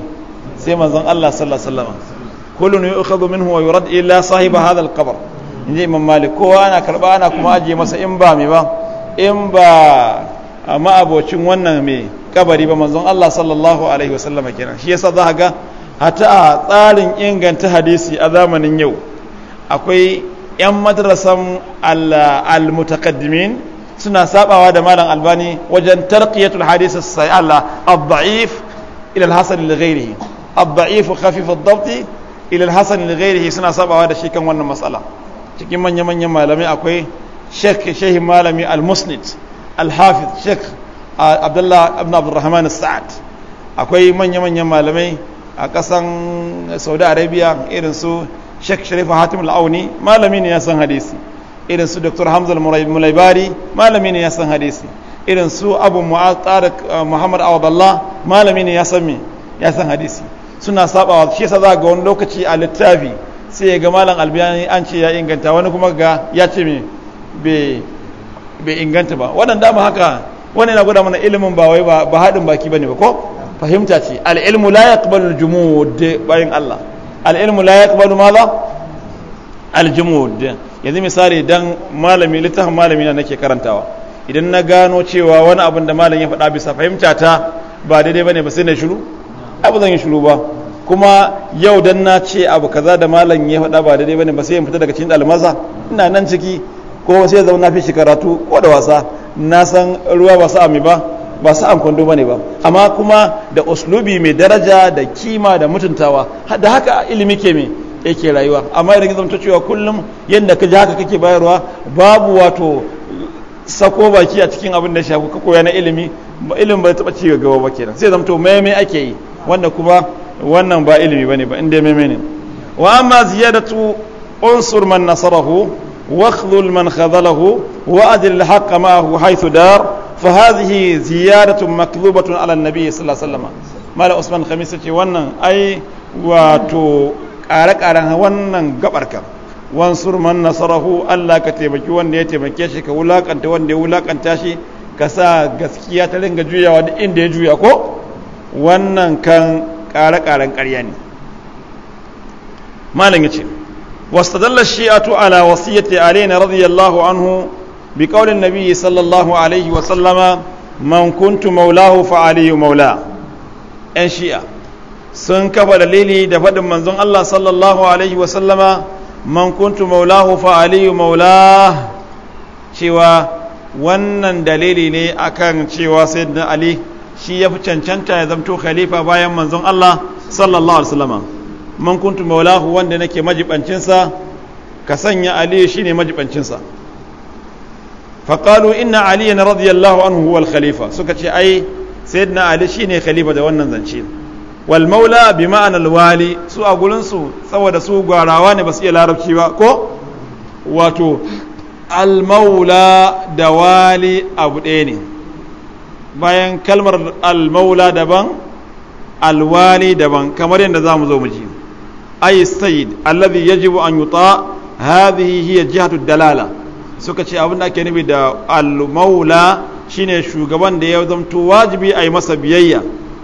sai manzon Allah sallallahu alaihi wasallam kullun yu'khadhu minhu wa yurad illa sahiba hadha kabar. qabr inji imam malik kowa ana karba ana kuma aje masa in ba me ba in ba ma'abocin wannan me kabari ba manzon Allah sallallahu alaihi wasallam kenan shi yasa za ga hata a tsarin inganta hadisi a zamanin yau akwai 'yan madrasan al-mutakaddimin suna sabawa da malam albani wajen tarqiyatul hadith as-sayala ad-da'if ila al-hasan li ghayrihi ad-da'if khafif ad-dabt ila al-hasan li ghayrihi suna sabawa da shi kan wannan matsala cikin manyan manyan malamai akwai sheikh shehi malami al-musnid al-hafiz sheikh abdullah ibn abdurrahman as-sa'd akwai manya manyan malamai a kasan saudi arabia irin su sheikh sharif hatim al-auni malami ne ya san hadisi irin su dr hamzal mulaibari malami ne ya san hadisi irin su abu mu'attara uh, muhammad awadallah malami ne ya san me ya san hadisi suna sabawa shi yasa za ga wani lokaci a littafi sai ga malam albiyani an ce ya inganta wani kuma ga ya ce me bai inganta ba wannan dama haka wani na gwada mana ilimin ba wai ba haɗin baki bane ba ko fahimta ce al'ilmu la yaqbalu al-jumud bayin Allah al'ilmu la yaqbalu madha al-jumud yanzu misali dan malami littafin malami na nake karantawa idan na gano cewa wani abin da malam ya faɗa bisa fahimta ta ba daidai bane ba sai na shiru ai ba zan yi shiru ba kuma yau dan na ce abu kaza da malam ya faɗa ba daidai bane ba sai in fita daga cikin almaza ina nan ciki ko sai na fi shi karatu ko da wasa na san ruwa ba sa mi ba ba sa an kwando bane ba amma kuma da uslubi mai daraja da kima da mutuntawa da haka ilimi ke mai yake rayuwa amma idan zama ta cewa kullum yadda ka ji haka kake bayarwa babu wato sako baki a cikin abin da shafi ka koya na ilimi ilimin ba taɓa ci gaba ba kenan sai zamto maimai ake yi wanda kuma wannan ba ilimi bane ba inda maimai ne wa amma ziyadatu unsur man nasarahu wa khudhul man khadhalahu wa adil haqq ma'ahu haythu dar fa hadhihi ziyadatun makdhubatun ala an-nabi sallallahu alaihi wasallam mala usman khamis ce wannan ai wato ƙare-ƙaren wannan ka wansur man nasarahu Allah ka taimaki wanda ya taimake shi ka wulakanta wanda ya wulakanta shi ka sa gaskiya ta ringa juyawa duk inda ya juya ko wannan kan ƙare-ƙaren ƙarya ne malam ya ce واستدل الشيعة على Alayna radiyallahu anhu bi عنه بقول sallallahu صلى wa sallama man kuntu كنت fa فعلي مولاه ان shi'a. sun kafa dalili da faɗin manzon Allah sallallahu alaihi wasallama man kuntu maulahu fa aliyu maula cewa wannan dalili ne akan cewa da ali shi ya fi cancanta ya zamto khalifa bayan manzon Allah sallallahu alaihi wasallama man kuntu maulahu wanda nake majibancinsa ka sanya ali ne majibancinsa faƙalu inna na radiyallahu anhu huwal khalifa suka ce ai sayyidina ali shi ne khalifa da wannan zance wal maula bi ma'anar wali su a gurinsu saboda su gwarawa ne ba su iya larabci ba ko wato al maula da wali abu ɗaya ne bayan kalmar al maula daban al daban kamar yadda za mu zo mu ji ay sayyid alladhi yajibu an yuta hadhihi hiya jihatu dalala suka ce abin da ake nufi da al shine shugaban da ya zamto wajibi a yi masa biyayya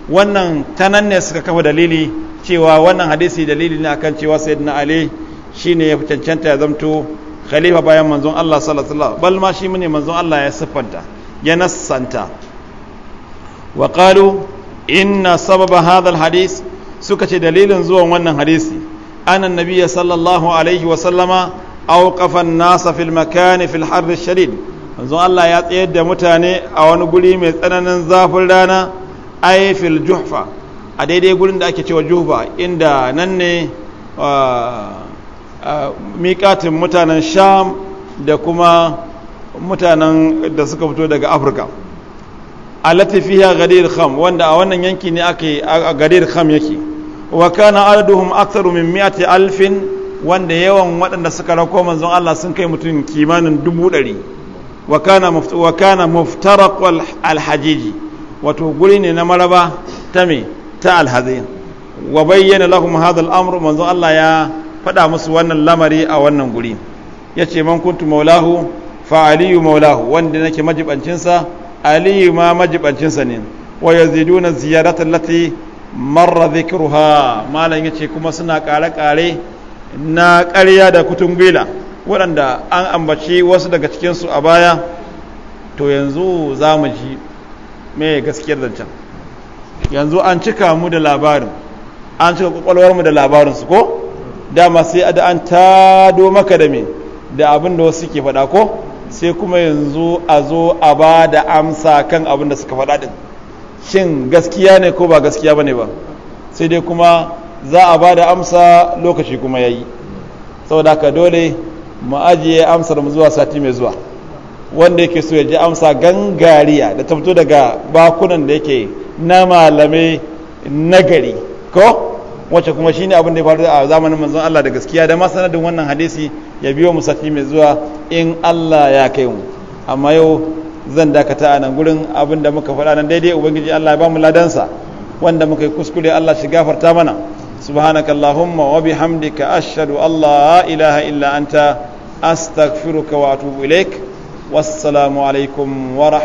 wannan tanan ne suka kafa dalili cewa wannan hadisi dalili ne akan cewa sayyidina ali shine ya cancanta ya zamto khalifa bayan manzon Allah sallallahu alaihi wasallam bal ma shi ne manzon Allah ya siffanta ya nassanta wa qalu inna sababa hadha alhadith suka ce dalilin zuwan wannan hadisi anna nabiyya sallallahu alaihi wasallama awqafa an-nasa fil makan fil harr ash-shadid manzon Allah ya tsayar da mutane a wani guri mai tsananin zafin rana ay juhfa a daidai gurin da ake cewa juhfa inda nan ne uh, uh, miƙatin mutanen sham da kuma mutanen da suka fito daga afirka latifi ya gadir kham wanda a wannan yanki ne ake a gadir kham yake wa kana adaduhum aktsaru min mi'ati alfin wanda yawan waɗanda suka rako manzon Allah sun kai mutum kimanin dubu ɗari wa kana muftaraq al-hajiji wato guri ne na maraba ta me ta alhazi wa bayyana lahum hadha al-amr manzo Allah ya faɗa musu wannan lamari a wannan guri yace man kuntu maulahu fa aliyu maulahu wanda nake majibancin sa aliyu ma majibancin sa ne wa yaziduna ziyaratan lati marra dhikruha malan yace kuma suna kare kare na ƙarya da kutun gwila waɗanda an ambaci wasu daga cikinsu a baya to yanzu za mu ji me gaskiyar zancen yanzu an cika mu da labarin an cika kwakwalwar mu da labarinsu ko dama sai da an tado maka da me da abin da wasu ke faɗa ko sai kuma yanzu a zo a ba da amsa kan abin da suka faɗa din shin gaskiya ne ko ba gaskiya ba ne ba sai dai kuma za a ba da amsa lokaci kuma ya yi saboda haka dole mu ajiye amsar mu zuwa sati mai zuwa wanda yake so ya ji amsa gangariya da ta fito daga bakunan da yake na malamai nagari ko wacce kuma shine abin da ya faru a zamanin manzon Allah da gaskiya da masanadin wannan hadisi ya biyo mu mai zuwa in Allah ya kai mu amma yau zan dakata a nan gurin abin da muka faɗa nan daidai ubangiji Allah ya ba mu ladansa wanda muka yi kuskure Allah shi gafarta mana subhanakallahumma wa bihamdika ashhadu an la ilaha illa anta astaghfiruka wa atubu ilaik والسلام عليكم ورحمة